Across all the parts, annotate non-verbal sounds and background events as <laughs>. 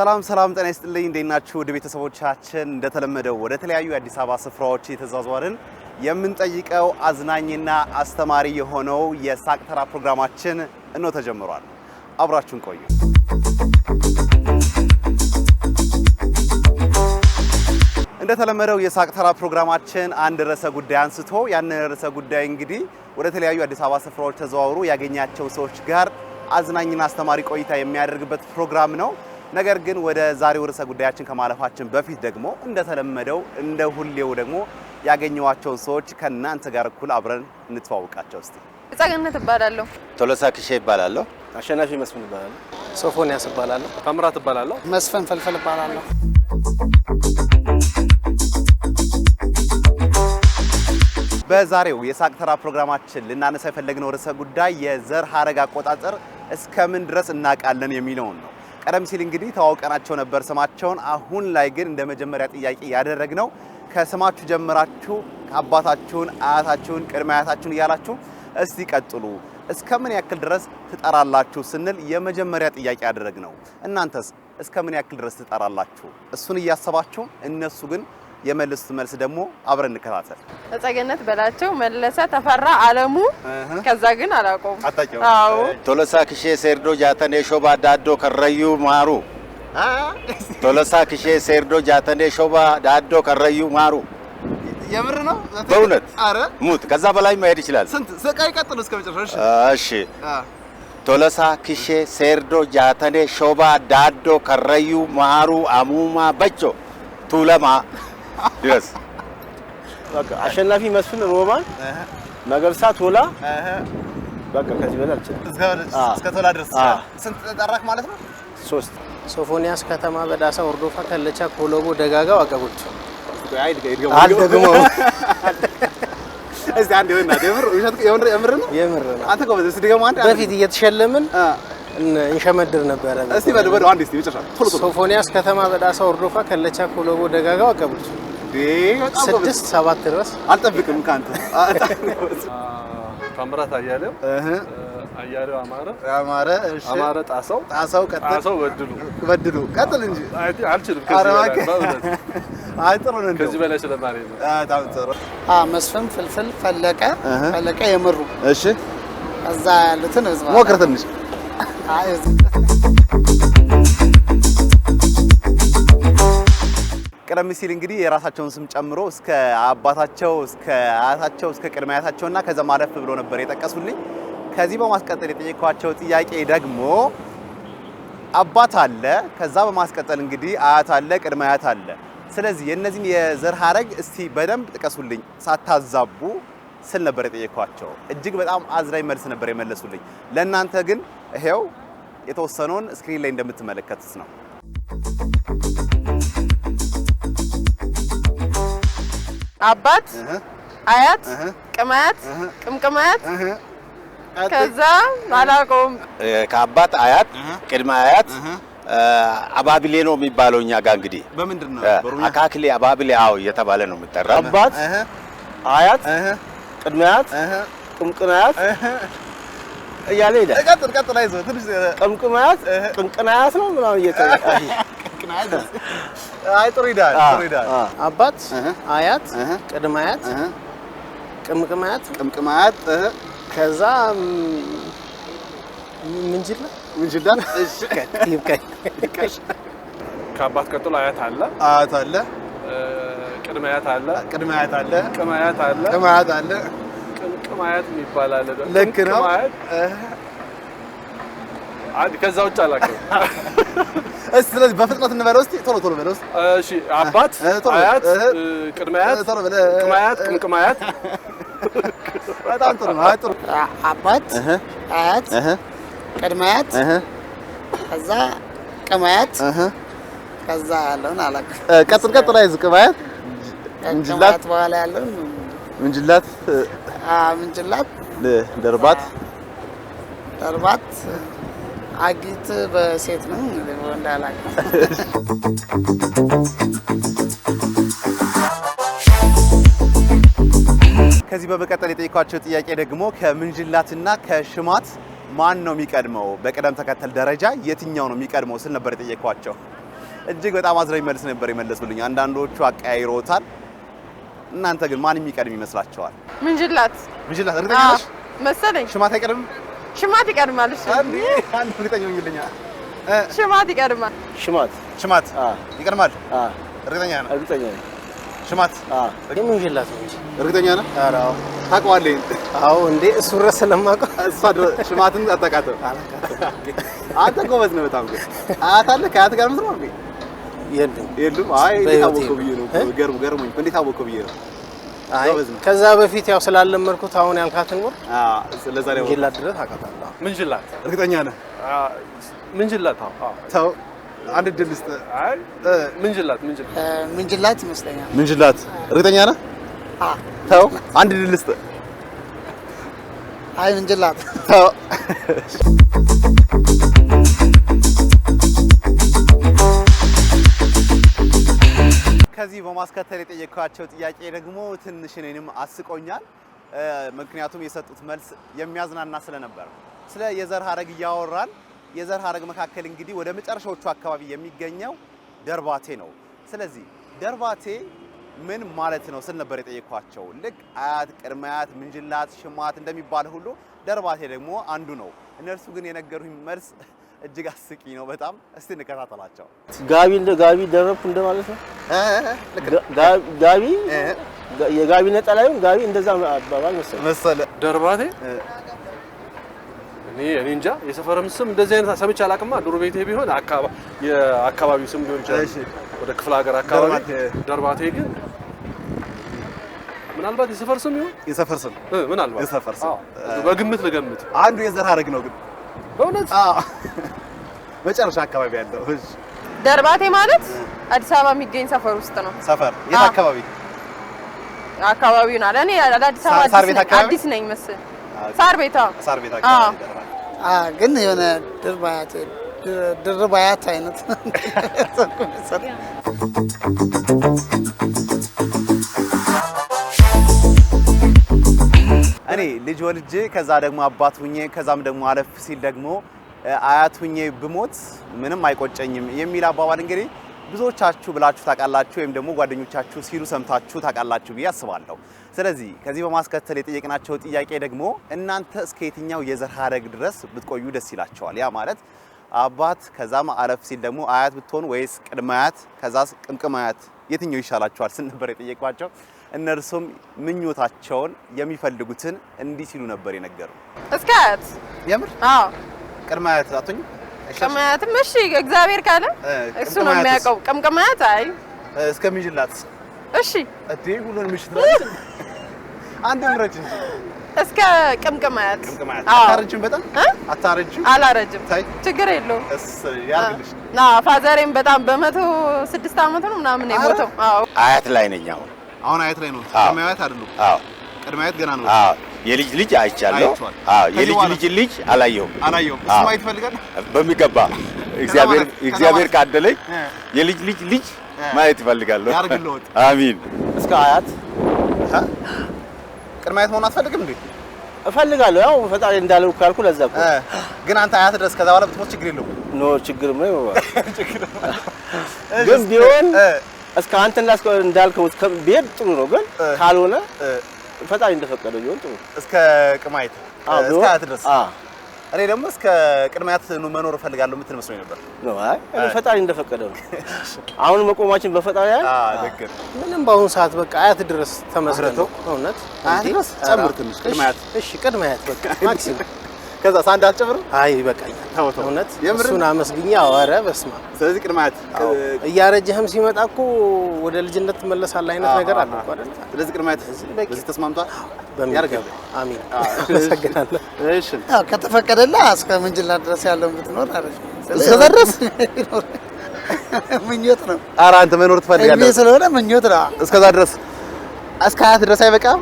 ሰላም ሰላም፣ ጤና ይስጥልኝ። እንዴት ናችሁ? ወደ ቤተሰቦቻችን እንደተለመደው ወደ ተለያዩ የአዲስ አበባ ስፍራዎች የተዟዟርን የምንጠይቀው አዝናኝና አስተማሪ የሆነው የሳቅ ተራ ፕሮግራማችን እነሆ ተጀምሯል። አብራችሁን ቆዩ። እንደተለመደው የሳቅ ተራ ፕሮግራማችን አንድ ርዕሰ ጉዳይ አንስቶ ያንን ርዕሰ ጉዳይ እንግዲህ ወደ ተለያዩ አዲስ አበባ ስፍራዎች ተዘዋውሮ ያገኛቸው ሰዎች ጋር አዝናኝና አስተማሪ ቆይታ የሚያደርግበት ፕሮግራም ነው። ነገር ግን ወደ ዛሬው ርዕሰ ጉዳያችን ከማለፋችን በፊት ደግሞ እንደተለመደው እንደ ሁሌው ደግሞ ያገኘዋቸውን ሰዎች ከእናንተ ጋር እኩል አብረን እንተዋውቃቸው። እስቲ ጸገነት እባላለሁ። ቶሎሳ ክሼ ይባላለሁ። አሸናፊ መስፍን ይባላለሁ። ሶፎንያስ እባላለሁ። ታምራት እባላለሁ። መስፍን ፈልፈል እባላለሁ። በዛሬው የሳቅ ተራ ፕሮግራማችን ልናነሳ የፈለግነው ርዕሰ ጉዳይ የዘር ሀረግ አቆጣጠር እስከምን ድረስ እናውቃለን የሚለውን ነው። ቀደም ሲል እንግዲህ ተዋውቀናቸው ነበር ስማቸውን። አሁን ላይ ግን እንደ መጀመሪያ ጥያቄ ያደረግ ነው። ከስማችሁ ጀምራችሁ አባታችሁን፣ አያታችሁን፣ ቅድመ አያታችሁን እያላችሁ እስቲ ቀጥሉ እስከ ምን ያክል ድረስ ትጠራላችሁ ስንል የመጀመሪያ ጥያቄ ያደረግ ነው እናንተስ እስከ ምን ያክል ድረስ ትጠራላችሁ? እሱን እያሰባችሁ እነሱ ግን የመልሱት መልስ ደግሞ አብረን እንከታተል። ተጸገነት በላቸው፣ መለሰ ተፈራ፣ አለሙ ከዛ ግን አላቆሙ። አታቂው ቶለሳ ክሼ ሴርዶ ጃተኔ ሾባ ዳዶ ከረዩ ማሩ ቶለሳ ክሼ ሴርዶ ጃተኔ ሾባ ዳዶ ከረዩ ማሩ። የምር ነው በእውነት አረ ሙት ከዛ በላይ መሄድ ይችላል። ስንት ስቃይ ቀጥሎ እስከ መጨረሻ። እሺ ቶለሳ ክሼ ሴርዶ ጃተኔ ሾባ ዳዶ ከረዩ ማሩ አሙማ በጮ ቱለማ ድረስ በቃ አሸናፊ መስፍን ሮማን ነገርሳ ቶላ በቃ ከዚህ በላይ አልችልም። እስከ ቶላ ድረስ ስንት ጠራክ ማለት ነው? ሶስት ሶፎንያስ ከተማ፣ በዳሳ፣ ወርዶፋ፣ ከለቻ፣ ኮሎቦ፣ ደጋጋው፣ አቀቦች አልደግመውም። እስቲ አንድ የምር ነው። አንተ በፊት እየተሸለምን እንሸመድር ነበረ። እስቲ በደበደው አንድ እስቲ መጨረሻ ሶፎንያስ ከተማ በዳሳ ወርዶፋ ከለቻ ኮሎቦ ደጋጋው አቀብልሽ ስድስት ሰባት ድረስ አልጠብቅም ከአንተ ታምራት አያሌው እህ አያሌው አማረ አማረ እሺ አማረ ጣሰው ጣሰው ቀጥል ጣሰው በድሉ በድሉ ቀጥል እንጂ አይ አልችልም ከዚህ በላይ ስለማለት ነው። በጣም ጥሩ አ መስፍን ፍልፍል ፈለቀ ፈለቀ የምሩ እሺ እዛ ያሉትን እዝባ ሞክር ትንሽ ቀደም ሲል እንግዲህ የራሳቸውን ስም ጨምሮ እስከ አባታቸው እስከ አያታቸው እስከ ቅድመ አያታቸውና ከዛ ማለፍ ብሎ ነበር የጠቀሱልኝ። ከዚህ በማስቀጠል የጠየኳቸው ጥያቄ ደግሞ አባት አለ፣ ከዛ በማስቀጠል እንግዲህ አያት አለ፣ ቅድመ አያት አለ። ስለዚህ የእነዚህን የዘር ሀረግ እስቲ በደንብ ጥቀሱልኝ ሳታዛቡ ስል ነበር የጠየኳቸው። እጅግ በጣም አዝናኝ መልስ ነበር የመለሱልኝ። ለእናንተ ግን ይሄው የተወሰነውን ስክሪን ላይ እንደምትመለከቱት ነው። አባት፣ አያት፣ ቅማያት፣ ቅምቅማያት ከዛ አላውቀውም። ከአባት አያት፣ ቅድመ አያት አባቢሌ ነው የሚባለው እኛ ጋር እንግዲህ በምንድን ነው አካክሌ አባቢሌ አዎ እየተባለ ነው የሚጠራ አባት አያት ቅድመ አያት ቅምቅናያት እያለ ሄደ። ቀጥል ቀጥል፣ አይዞህ ትንሽ ቅምቅማያት ቅንቅናያት ነው ምናምን እየተባለ አይ ጥሩ ሂዳል ጥሩ ሂዳል። አባት አያት፣ ቅድመ አያት፣ ቅምቅማያት፣ ቅምቅማያት ከዛ ምንጅላ ምንጅላ። እሺ ይብቃኝ። ከአባት ቀጥሎ አያት አለ፣ አያት አለ፣ ቅድመ አያት አለ፣ ቅድመ አያት አለ፣ ቅማያት አለ፣ ቅማያት አለ ማየት የሚባል አለ። ልክ ነው ማየት አንድ ከዛ ውጭ አላውቅም። እስቲ ስለዚህ በፍጥነት እንበለው እስቲ ቶሎ ቶሎ በለው እስቲ። እሺ አባት፣ አያት፣ ቅድመ አያት፣ ቅድመ አያት፣ ቅምቅም አያት። በጣም ጥሩ ነው። ጥሩ አባት፣ አያት፣ ቅድመ አያት፣ ከዛ ቅም አያት፣ ከዛ ያለውን አላውቅም። ቀጥል ቀጥል፣ አይዝ ቅም አያት፣ እንጅላት፣ በኋላ ያለውን እንጅላት ምንጭላት፣ ደርባት፣ ደርባት አጊት በሴት ነው <laughs> ከዚህ በመቀጠል የጠየኳቸው ጥያቄ ደግሞ ከምንጅላትና ከሽማት ማን ነው የሚቀድመው? በቅደም ተከተል ደረጃ የትኛው ነው የሚቀድመው ስል ነበር የጠየኳቸው። እጅግ በጣም አዝነው የሚመልስ ነበር የመለሱልኝ። አንዳንዶቹ አቀያይሮታል። እናንተ ግን ማን የሚቀድም ይመስላችኋል? ምንጅላት ምንጅላት እርግጠኛሽ መሰለኝ። ሽማት አይቀድምም? ሽማት ይቀድማል። እሺ አንዴ አንድ እርግጠኛ ሆኝልኛል። ሽማት ይቀድማል። ሽማት ሽማት ይቀድማል። እርግጠኛ ነህ? እርግጠኛ ነኝ። ሽማት ምንጅላት ነው እርግጠኛ ነህ? ኧረ አዎ ታውቀዋለህ። አዎ እንዴ እሱ ድረስ ስለማውቀው እሷ ሽማትን አታውቃትም። አንተ ጎበዝ ነው በጣም ግን አያት አለ ከአያት ጋር ምትኖር የሉም የሉም። አይ ታወቀው ብዬ ገርሙ እኮ እንዴት አወቀው ብዬ ነው። አይ ከዛ በፊት ያው ስላለመድኩት አሁን ያልካትን ወር ስለዛ ላይ ምንጅላት ድረስ አውቃታለሁ። ምንጅላት እርግጠኛ ነህ? ምን ምንጅላት አዎ፣ ተው አንድ ድል ስጥ። አይ ምንጅላት ምን ምንጅላት ይመስለኛል። ምን ምንጅላት እርግጠኛ ነህ? አዎ፣ ተው አንድ ድል ስጥ። አይ ምን ምንጅላት ተው ከዚህ በማስከተል የጠየኳቸው ጥያቄ ደግሞ ትንሽ እኔንም አስቆኛል። ምክንያቱም የሰጡት መልስ የሚያዝናና ስለነበር ስለ የዘር ሀረግ እያወራን የዘር ሀረግ መካከል እንግዲህ ወደ መጨረሻዎቹ አካባቢ የሚገኘው ደርባቴ ነው። ስለዚህ ደርባቴ ምን ማለት ነው ስል ነበር የጠየኳቸው። ልክ አያት፣ ቅድመ አያት፣ ምንጅላት፣ ሽማት እንደሚባል ሁሉ ደርባቴ ደግሞ አንዱ ነው። እነርሱ ግን የነገሩኝ መልስ እጅግ አስቂ ነው በጣም። እስቲ እንከታተላቸው። ጋቢ ጋቢ ደረብኩ እንደማለት ነው። ጋቢ የጋቢ ነጠላዩም ጋቢ እንደዛ አባባል መሰለህ መሰለህ። ደርባቴ እኔ እኔ እንጃ የሰፈርም ስም እንደዚህ አይነት ሰምቼ አላውቅማ። ዱር ቤቴ ቢሆን የአካባቢው ስም ሊሆን ይችላል፣ ወደ ክፍለ ሀገር አካባቢ። ደርባቴ ግን ምናልባት የሰፈር ስም ይሁን የሰፈር ስም ምናልባት የሰፈር ስም በግምት ልገምት። አንዱ የዘር ሀረግ ነው ግን በእውነት መጨረሻ አካባቢ ያለው ደርባቴ ማለት አዲስ አበባ የሚገኝ ሰፈር ውስጥ ነው። ሰፈር የት አካባቢ? አካባቢውን አለ። እኔ አዲስ አበባ አዲስ ነኝ መሰለኝ። ሳር ቤት ሳር ቤት አካባቢ ግን የሆነ ድርባያት ድርባያት አይነት <laughs> እኔ ልጅ ወልጄ ከዛ ደግሞ አባት ሁኜ ከዛም ደግሞ አለፍ ሲል ደግሞ አያት ሁኜ ብሞት ምንም አይቆጨኝም የሚል አባባል እንግዲህ ብዙዎቻችሁ ብላችሁ ታውቃላችሁ፣ ወይም ደግሞ ጓደኞቻችሁ ሲሉ ሰምታችሁ ታውቃላችሁ ብዬ አስባለሁ። ስለዚህ ከዚህ በማስከተል የጠየቅናቸው ጥያቄ ደግሞ እናንተ እስከ የትኛው የዘር ሀረግ ድረስ ብትቆዩ ደስ ይላቸዋል? ያ ማለት አባት ከዛም አለፍ ሲል ደግሞ አያት ብትሆን ወይስ ቅድመ አያት ከዛ ቅምቅም አያት የትኛው ይሻላችኋል ስንነበር የጠየቅኳቸው እነርሱም ምኞታቸውን የሚፈልጉትን እንዲህ ሲሉ ነበር የነገሩ። እስከ አያት የምር አዎ፣ ቅድመ አያት አትሆኝም። ቅድመ አያትም እሺ፣ እግዚአብሔር ካለ እሱ ነው የሚያውቀው። ቅምቅም አያት አይ፣ እስከሚጅላት እሺ፣ እቴ ሁሉን ምሽት ነው አንድ ምረጭ እንጂ እስከ ቅምቅም አያት። አታረጅም፣ በጣም አታረጅም። አላረጅም፣ ችግር የለውም። ፋዘሬም በጣም በመቶ ስድስት አመቱ ነው ምናምን የሞተው አያት ላይ ነኝ አሁን አሁን አያት ላይ ነው። ቅድመ አያት አይደሉም። አዎ ቅድመ አያት ገና ነው። አዎ የልጅ ልጅ አይቻለሁ። አዎ የልጅ ልጅ ልጅ አላየሁም አላየሁም። እሱ ማየት ይፈልጋል በሚገባ እግዚአብሔር እግዚአብሔር ካደለኝ የልጅ ልጅ ልጅ ማየት ይፈልጋለሁ። ያርግልዎት። አሚን። እስከ አያት ቅድመ አያት መሆን አትፈልግም እንዴ? እፈልጋለሁ ያው ፈጣሪ እንዳለው ካልኩ ለዛ እኮ ግን አንተ አያት ድረስ ከዛ በኋላ ብትሞት ችግር የለውም። ኖ <laughs> ችግር ምን ግን ቢሆን እስከ አንተ እንዳልከው ቤት ጥሩ ነው፣ ግን ካልሆነ ፈጣሪ እንደፈቀደ ቢሆን ጥሩ እስከ ቅማይት እስከ አያት ድረስ። እኔ ደግሞ እስከ ቅድሚያት መኖር እፈልጋለሁ የምትል መስሎኝ ነበር። አይ ፈጣሪ እንደፈቀደ ነው። <laughs> አሁን መቆማችን በፈጣሪ አይ ምንም። በአሁኑ ሰዓት በቃ አያት ድረስ ተመስርተው እውነት አያት ድረስ ጨምር ትንሽ ቅድሚያት። እሺ ቅድሚያት በቃ <laughs> ማክሲም ከዛ ሳንድ አልጨምርም። አይ ይበቃኛል። እውነት እሱን አመስግኛ አዋረ በስማ ስለዚህ ቅድማት እያረጀህም ሲመጣ እኮ ወደ ልጅነት ትመለሳለህ አይነት ነገር አለ እኮ አይደል? ስለዚህ ቅድማት በዚህ ተስማምቷል። በሚያርገው አሚን። አመሰግናለሁ። እሺ ከተፈቀደላ እስከ ምንጅላ ድረስ ያለውን ብትኖር አሪፍ ነው። እስከዛ ድረስ <laughs> ምኞት ነው። ኧረ አንተ መኖር ትፈልጋለህ ስለሆነ ምኞት ነው። እስከዛ ድረስ እስከ ሀያት ድረስ አይበቃም።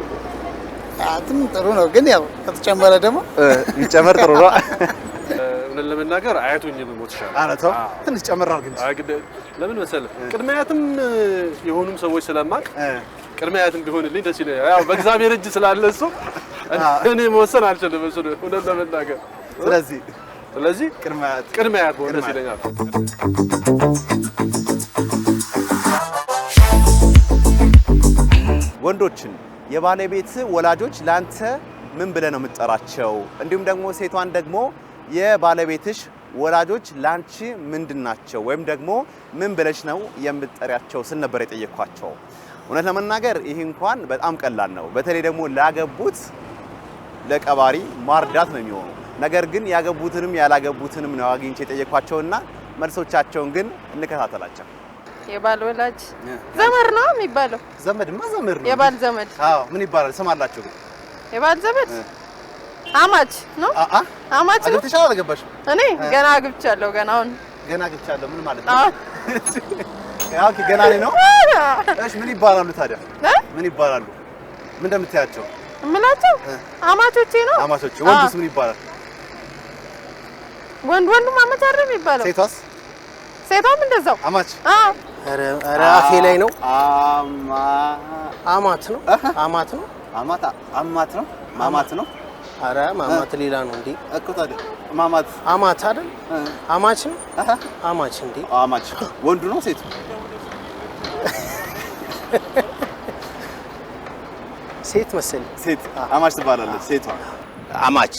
አትም ጥሩ ነው፣ ግን ያው ከተጨመረ ደግሞ ይጨመር ጥሩ ነው። እውነት ለመናገር አያቶኝ ብሞት ይሻላል። ትንሽ ጨመር አድርግ እንጂ ለምን መሰለህ ቅድመ አያትም የሆኑም ሰዎች ስለማቅ ቅድመ አያትም ቢሆንልኝ ደስ ይለኛል። ያው በእግዚአብሔር እጅ ስላለ እሱ እኔ መወሰን አልችልም። እሱ እውነት ለመናገር ስለዚህ ስለዚህ ቅድመ አያት ሆነ ደስ ይለኛል። ወንዶችን የባለቤት ወላጆች ላንተ ምን ብለህ ነው የምትጠራቸው? እንዲሁም ደግሞ ሴቷን ደግሞ የባለቤትሽ ወላጆች ላንቺ ምንድን ናቸው ወይም ደግሞ ምን ብለሽ ነው የምትጠሪያቸው ስል ነበር የጠየኳቸው። እውነት ለመናገር ይህ እንኳን በጣም ቀላል ነው። በተለይ ደግሞ ላገቡት ለቀባሪ ማርዳት ነው የሚሆኑ። ነገር ግን ያገቡትንም ያላገቡትንም ነው አግኝቼ የጠየኳቸውና መልሶቻቸውን ግን እንከታተላቸው። የባል ወላጅ ዘመድ ነው የሚባለው። ዘመድማ ዘመድ ነው። የባል ዘመድ አዎ። ምን ይባላል? ስም አላቸው ግን የባል ዘመድ አማች ነው። አማች ነው። አግብተሻል አልገባሽም? እኔ ገና አግብቻለሁ። ገና አሁን ገና አግብቻለሁ። ምን ማለት ነው? አዎ ገና ነው። እሺ ምን ይባላሉ ታዲያ? ምን ይባላሉ? ምን እንደምታያቸው እምላቸው አማቾቼ ነው። አማቾቼ። ወንድስ ምን ይባላል? ወንድ ወንድ አማች አይደል የሚባለው? ሴቷስ? ሴቷም እንደዛው አማች። አዎ አፌ ላይ ነው። አማት ነው። አማት ነው። አማት አማት ነው። ማማት ነው። አረ ማማት ሌላ ነው እንዴ? እኮ ታዲያ ማማት አማት አይደል? አማች ነው። አማች እንዴ? አማች ወንዱ ነው ሴቱ? ሴት መሰለኝ። ሴት አማች ትባላለች። ሴቷ አማች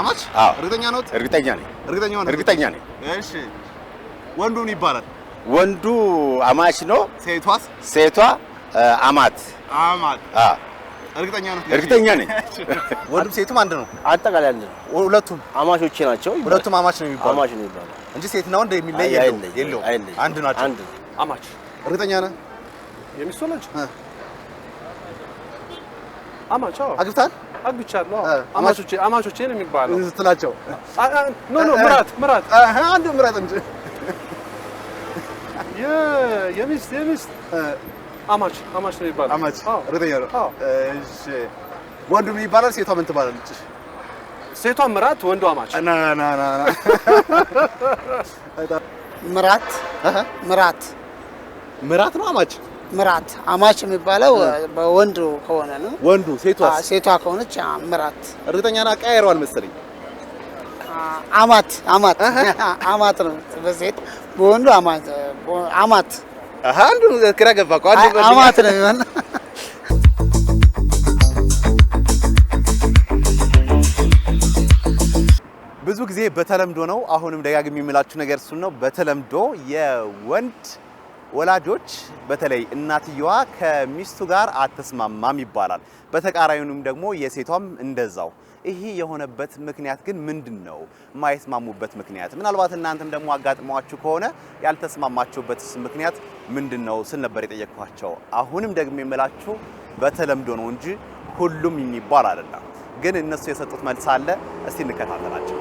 አማች። አዎ እርግጠኛ ነው? እርግጠኛ ነኝ። እርግጠኛ ነኝ። እርግጠኛ ነኝ። እሺ ወንዱን ይባላል ወንዱ አማች ነው፣ ሴቷስ ሴቷ አማት አማት። አዎ እርግጠኛ ነኝ እርግጠኛ <laughs> ነኝ። ወንዱም ሴቱም አንድ ነው። አጠቃላይ አንድ ነው። ሁለቱም አማቾቼ ናቸው። ሁለቱም አማች ነው የሚባለው አማች ነው የሚባለው እንጂ ሴትና ወንድ የሚለይ የለውም። አንድ ናቸው። አንድ አማች እርግጠኛ ነህ? የሚስቱ ናቸው አማች አግብታል አግብቻለሁ። አማቾቼ አማቾቼ ነው የሚባለው ስትላቸው ኖ ኖ ምራት ምራት አንድ ምራት እንጂ jest, jest. አማች አማች ነው ይባላል። አማች እርግጠኛ ነው። እሺ ወንዱ ምን ይባላል? ሴቷ ምን ትባላለች? ሴቷ ምራት፣ ወንዱ አማች። ና ና ና ና ምራት ምራት ምራት ነው አማች ምራት አማች የሚባለው ወንዱ ከሆነ ነው። ወንዱ ሴቷ ሴቷ ከሆነች ምራት። እርግጠኛ ና ቀያይረዋል መሰለኝ። አማት አማት አማት ነው በሴት በወንዱ አማት አንዱ ግራ ገባ እኮ አንዱ አማት ነው የሚሆን። ብዙ ጊዜ በተለምዶ ነው፣ አሁንም ደጋግሜ የምላችሁ ነገር እሱን ነው። በተለምዶ የወንድ ወላጆች በተለይ እናትየዋ ከሚስቱ ጋር አትስማማም ይባላል። በተቃራኒውም ደግሞ የሴቷም እንደዛው ይህ የሆነበት ምክንያት ግን ምንድን ነው? የማይስማሙበት ምክንያት ምናልባት እናንተም ደግሞ አጋጥሟችሁ ከሆነ ያልተስማማችሁበት ምክንያት ምንድን ነው ስል ነበር የጠየቅኳቸው። አሁንም ደግሞ የምላችሁ በተለምዶ ነው እንጂ ሁሉም የሚባል አይደለም። ግን እነሱ የሰጡት መልስ አለ። እስቲ እንከታተላቸው።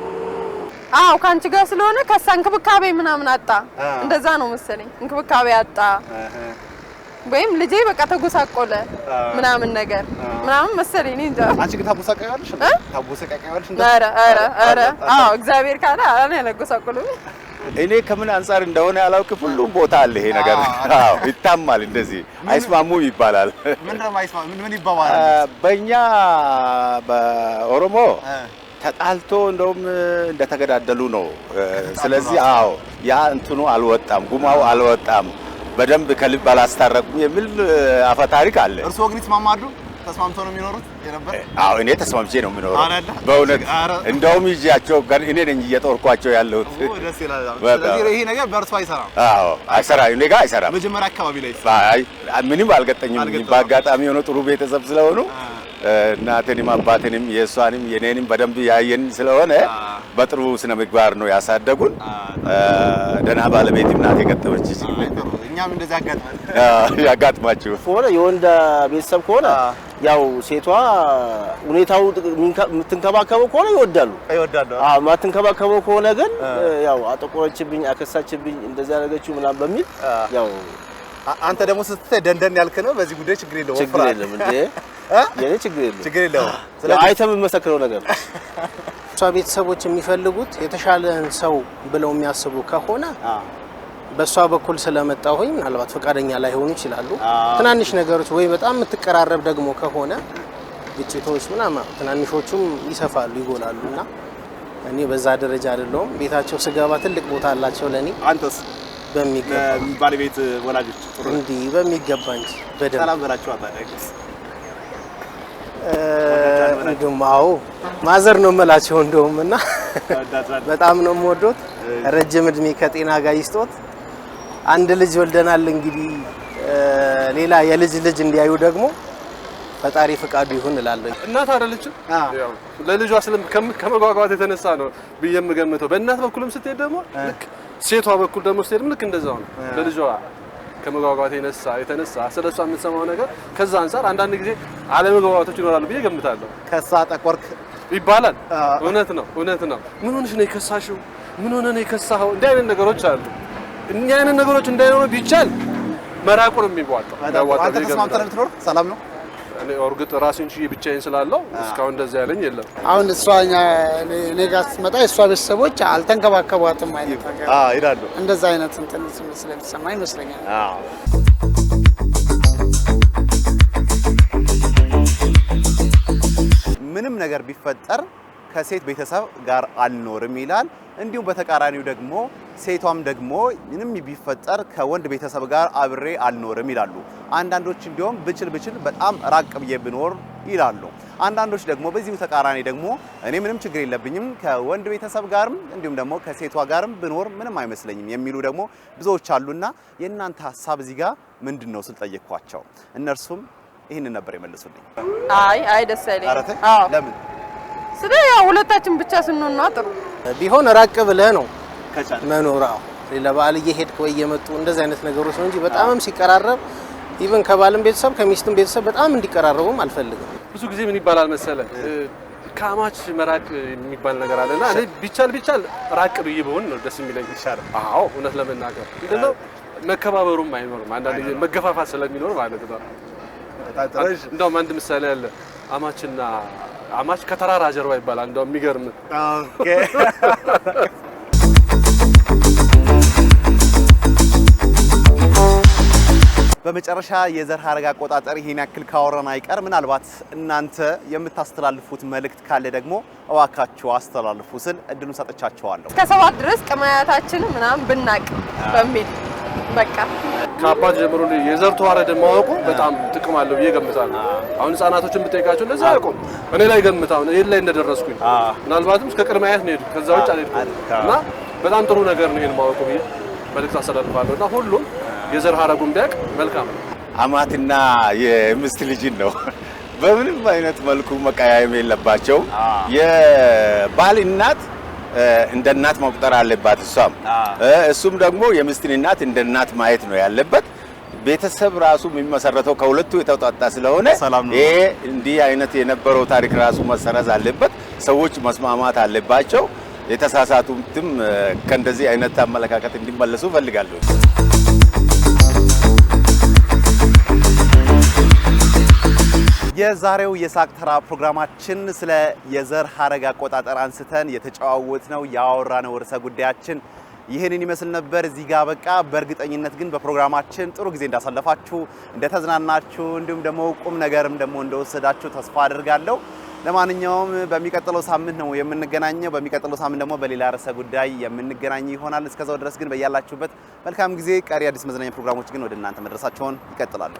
አዎ ከአንቺ ጋር ስለሆነ ከሳ እንክብካቤ ምናምን አጣ፣ እንደዛ ነው መሰለኝ። እንክብካቤ አጣ ወይም ልጄ በቃ ተጎሳቆለ ምናምን ነገር ምናምን መሰለኝ። እኔ እንጃ። አንቺ ግን ታጎሳቀያለሽ? እንዴ? አረ አረ አረ። አዎ፣ እግዚአብሔር ካለ አላን ያላጎሳቆለም። እኔ ከምን አንጻር እንደሆነ አላውቅ። ሁሉም ቦታ አለ ይሄ ነገር። አዎ፣ ይታማል። እንደዚህ አይስማሙም ይባላል። ምን ነው አይስማሙ ምን ይባባል? በእኛ በኦሮሞ ተጣልቶ እንደውም እንደተገዳደሉ ነው። ስለዚህ አዎ፣ ያ እንትኑ አልወጣም፣ ጉማው አልወጣም። በደንብ ከልብ አላስታረቁም የሚል አፈታሪክ አለ። እርስዎ ግን ይስማማሉ? ተስማምተው ነው የሚኖሩት የነበር? አዎ እኔ ተስማምቼ ነው የሚኖረው በእውነት እንደውም ይዤያቸው እኔ ነኝ እየጦርኳቸው ያለሁት። ስለዚህ ይሄ ነገር በእርሱ አይሰራም። አዎ አይሰራም፣ እኔ ጋር አይሰራም። መጀመሪያ አካባቢ ላይ ምንም አልገጠኝም። በአጋጣሚ የሆነ ጥሩ ቤተሰብ ስለሆኑ እናትንም አባቴንም የእሷንም የኔንም በደንብ ያየን ስለሆነ በጥሩ ስነ ምግባር ነው ያሳደጉን። ደህና ባለቤት እናቴ ገጠመች። እኛም እንደዚህ ያጋጥማል ያጋጥማችሁ ከሆነ የወንድ ቤተሰብ ከሆነ ያው ሴቷ ሁኔታው የምትንከባከበው ከሆነ ይወዳሉ ይወዳሉ። አዎ የማትንከባከበው ከሆነ ግን ያው አጠቆረችብኝ፣ አከሳችብኝ፣ እንደዛ ያደረገችው ምናምን በሚል ያው አንተ ደግሞ ስትታይ ደንደን ያልክ ነው። በዚህ ጉዳይ ችግር የለውም፣ ችግር የለም እንዴ የኔ ችግር የለም፣ ችግር የለውም። ስለዚህ አይተም የምመሰክረው ነገር እሷ ቤተሰቦች የሚፈልጉት የተሻለን ሰው ብለው የሚያስቡ ከሆነ በእሷ በኩል ስለመጣሁኝ ምናልባት ፈቃደኛ ላይሆኑ ይችላሉ። ትናንሽ ነገሮች ወይ በጣም የምትቀራረብ ደግሞ ከሆነ ግጭቶች ምናምን ትናንሾቹም ይሰፋሉ ይጎላሉ። እና እኔ በዛ ደረጃ አይደለውም ቤታቸው ስገባ ትልቅ ቦታ አላቸው ለእኔ። አንተስ? በሚገባ ባለቤት ወላጆች እንዲህ በሚገባ እንጂ በደምብ እንዲሁም አዎ ማዘር ነው መላቸው እንደውም እና በጣም ነው የምወዶት። ረጅም እድሜ ከጤና ጋር ይስጦት። አንድ ልጅ ወልደናል። እንግዲህ ሌላ የልጅ ልጅ እንዲያዩ ደግሞ ፈጣሪ ፍቃዱ ይሁን እላለሁ። እናት አይደለችም ለልጇ ከመጓጓት የተነሳ ነው ብዬ የምገምተው። በእናት በኩልም ስትሄድ ደግሞ ልክ ሴቷ በኩል ደግሞ ስትሄድም ልክ እንደዛው ነው ለልጇ ከመጓጓት የተነሳ የተነሳ ስለሷ የምትሰማው ነገር ከዛ አንፃር አንዳንድ ጊዜ አለመግባባቶች ይኖራሉ ብዬ ገምታለሁ። ከሳ ጠቆርክ ይባላል። እውነት ነው፣ እውነት ነው። ምን ሆነሽ ነው የከሳሽው? ምን ሆነ ነው የከሳኸው? እንዲህ አይነት ነገሮች አሉ። እንዲህ አይነት ነገሮች እንዳይኖሩ ቢቻል መራቁ ነው የሚዋጣው። ሰላም ነው። እኔ እርግጥ ራሴን ችዬ ብቻዬን ስላለው እስካሁን እንደዚህ ያለኝ የለም። አሁን እሷ እኔ ጋር ስትመጣ የእሷ ቤተሰቦች አልተንከባከቧትም አይነት ነገር ይላሉ። እንደዛ አይነት እንትን ስለሚሰማ ይመስለኛል። ምንም ነገር ቢፈጠር ከሴት ቤተሰብ ጋር አልኖርም ይላል። እንዲሁም በተቃራኒው ደግሞ ሴቷም ደግሞ ምንም ቢፈጠር ከወንድ ቤተሰብ ጋር አብሬ አልኖርም ይላሉ። አንዳንዶች እንዲሁም ብችል ብችል በጣም ራቅ ብዬ ብኖር ይላሉ። አንዳንዶች ደግሞ በዚሁ ተቃራኒ ደግሞ እኔ ምንም ችግር የለብኝም ከወንድ ቤተሰብ ጋርም እንዲሁም ደግሞ ከሴቷ ጋርም ብኖር ምንም አይመስለኝም የሚሉ ደግሞ ብዙዎች አሉና የእናንተ ሀሳብ እዚህ ጋር ምንድን ነው ስል ጠየቅኳቸው። እነርሱም ይህንን ነበር የመልሱልኝ። አይ አይ ደስ አይለኝም። ለምን ስለ ያው ሁለታችን ብቻ ስንሆን ነው ጥሩ ቢሆን ራቅ ብለህ ነው መኖር። አዎ ሌላ በዓል እየሄድክ ወይ እየመጡ እንደዚህ አይነት ነገሮች ነው እንጂ በጣምም ሲቀራረብ ኢቭን ከባልም ቤተሰብ ከሚስትም ቤተሰብ በጣም እንዲቀራረቡም አልፈልግም። ብዙ ጊዜ ምን ይባላል መሰለ ከአማች መራቅ የሚባል ነገር አለና እኔ ቢቻል ቢቻል ራቅ ብዬ በሆን ነው ደስ የሚለኝ ይሻላል። አዎ እውነት ለመናገር ምንድነው መከባበሩም አይኖርም። አንዳንድ ጊዜ መገፋፋት ስለሚኖር ማለት ነው። እንደውም አንድ ምሳሌ አለ አማችና አማች ከተራራ ጀርባ ይባላል። እንደው የሚገርም <laughs> በመጨረሻ የዘር ሐረግ አቆጣጠር ይሄን ያክል ካወራን አይቀር ምናልባት እናንተ የምታስተላልፉት መልእክት ካለ ደግሞ እባካችሁ አስተላልፉ ስል እድሉን ሰጥቻቸዋለሁ። እስከ ሰባት ድረስ ቅማያታችን ምናምን ብናቅ በሚል በቃ ከአባት ጀምሮ የዘር ተዋረድን ማወቁ በጣም ጥቅም አለው ብዬ ገምታለሁ። አሁን ህጻናቶችን ብጠይቃቸው እንደዛ አያውቁም። እኔ ላይ ገምታ ይህን ላይ እንደደረስኩኝ ምናልባትም እስከ ቅድማያት ነው የሄድኩት ከዛ ውጭ አልሄድኩም እና በጣም ጥሩ ነገር ነው ይህን ማወቁ ብዬ መልእክት አስተላልፋለሁ እና ሁሉም የዘር ሀረጉን ቢያቅ መልካም ነው። አማትና የምስት ልጅን ነው በምንም አይነት መልኩ መቀያየም የለባቸው። የባል እናት እንደ እናት መቁጠር አለባት። እሷም እሱም ደግሞ የምስትን እናት እንደ እናት ማየት ነው ያለበት። ቤተሰብ ራሱ የሚመሰረተው ከሁለቱ የተውጣጣ ስለሆነ ይሄ እንዲህ አይነት የነበረው ታሪክ ራሱ መሰረዝ አለበት። ሰዎች መስማማት አለባቸው። የተሳሳቱትም ከእንደዚህ አይነት አመለካከት እንዲመለሱ እፈልጋለሁ። የዛሬው የሳቅ ተራ ፕሮግራማችን ስለ የዘር ሀረግ አቆጣጠር አንስተን የተጨዋወትነው ነው ርዕሰ ጉዳያችን ይህንን ይመስል ነበር። እዚህ ጋር በቃ። በእርግጠኝነት ግን በፕሮግራማችን ጥሩ ጊዜ እንዳሳለፋችሁ፣ እንደተዝናናችሁ እንዲሁም ደግሞ ቁም ነገርም ደግሞ እንደወሰዳችሁ ተስፋ አድርጋለሁ። ለማንኛውም በሚቀጥለው ሳምንት ነው የምንገናኘው። በሚቀጥለው ሳምንት ደግሞ በሌላ ርዕሰ ጉዳይ የምንገናኝ ይሆናል። እስከዛው ድረስ ግን በያላችሁበት መልካም ጊዜ። ቀሪ አዲስ መዝናኛ ፕሮግራሞች ግን ወደ እናንተ መድረሳቸውን ይቀጥላሉ።